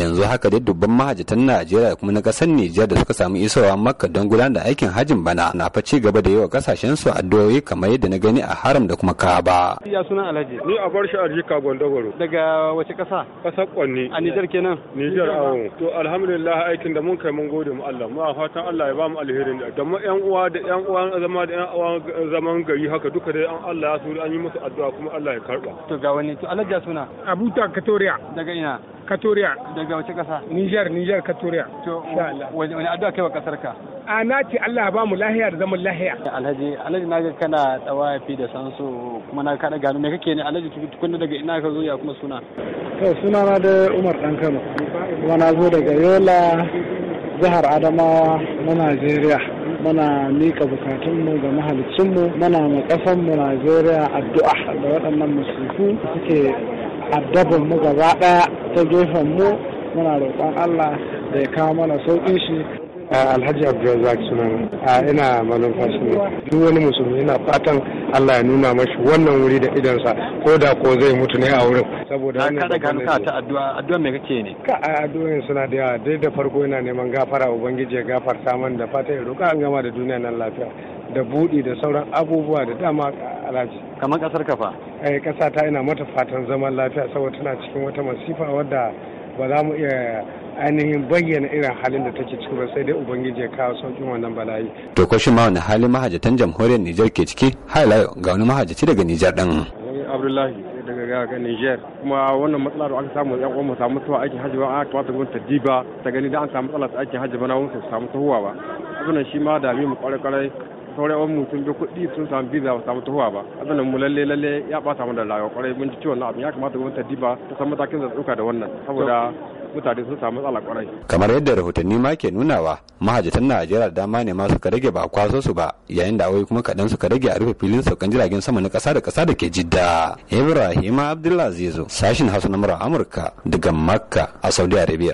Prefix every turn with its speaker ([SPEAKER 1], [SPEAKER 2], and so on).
[SPEAKER 1] yanzu haka dai dubban mahajjatan najeriya kuma na kasar nijar da suka samu isowa makka don gudanar da aikin hajjin bana na fa ci gaba da yawa kasashen su addu'o'i kamar yadda na gani a haram da kuma kaba
[SPEAKER 2] ya suna alhaji ni a bar shi a jika gondogoro daga wace kasa kasar kwanni a nijar kenan
[SPEAKER 1] nijar awo to
[SPEAKER 2] alhamdulillah aikin da mun kai mun gode mu allah mu a fatan allah ya ba mu alherin da mu yan uwa da yan uwa zama da yan uwa zaman gari haka duka dai an allah ya suru an yi musu addu'a kuma allah ya karba
[SPEAKER 3] to ga wani to alhaji suna abuta katoriya daga ina Katoriya. Daga wace kasa? Niger, Niger Katoriya. To, wani addu'a kai wa kasar ka? A na ce Allah ba mu lahiya da zaman lahiya. Alhaji, Alhaji na ga kana tsawafi da sansu kuma na kada gano me kake ne Alhaji tukunna daga ina ka zo ya kuma suna? To, suna na da Umar Dan Kano. Kuma na zo daga Yola jihar Adamawa na Najeriya. Muna mika bukatunmu ga mahalicinmu, muna ma ƙasanmu Najeriya addu'a da waɗannan musulku suke addabin mu gaba daya ta gefen mu muna roƙon Allah da ya kawo mana sauƙin shi alhaji abdulrazak sunana a ina malumfashi ne duk wani musulmi ina fatan allah ya nuna mashi wannan wuri da idansa ko da ko zai mutu ne a wurin saboda an kada ka ka ta addu'a addu'a me kake ne ka addu'o'in suna da yawa dai da farko yana neman gafara ubangiji ya gafarta man da fata ya roƙa an gama da duniya nan lafiya da buɗi da sauran abubuwa da dama alhaji kamar kasar kafa eh kasa ta ina mata fatan zaman lafiya saboda tana cikin wata masifa wadda ba za mu iya ainihin bayyana irin halin da take ciki ba sai dai ubangiji ya kawo saukin wannan bala'i
[SPEAKER 1] to ko ma wani halin mahajjatan jamhuriyar Nijar ke ciki hala ga wani mahajjaci daga Nijar din
[SPEAKER 2] Abdullahi daga ga Niger kuma wannan matsala da aka samu yan uwan samu tuwa aikin haji ba a kamata gwamnati ta diba ta gani da an samu matsala ta aikin hajji ba na wani samu tuwa ba abin shi ma da mu kware kware sauran wani mutum da kuɗi sun samu biza ba samu tuhuwa ba abin mu lalle lalle ya ɓata da rayuwa kwarai mun ji ciwon abin ya kamata gwamnati ta diba ta san matakin da tsuka da wannan saboda mutane sun samu tsala kwarai.
[SPEAKER 1] Kamar yadda rahotanni ma ke nunawa mahajjatan Najeriya da dama ne ma suka rage ba kwaso su ba yayin da awai kuma kaɗan suka rage a rufe filin saukan jiragen sama na ƙasa da ƙasa da ke jidda. Ibrahim abdullahi Zizo sashin Hausa na Amurka daga Makka a Saudi
[SPEAKER 2] Arabia.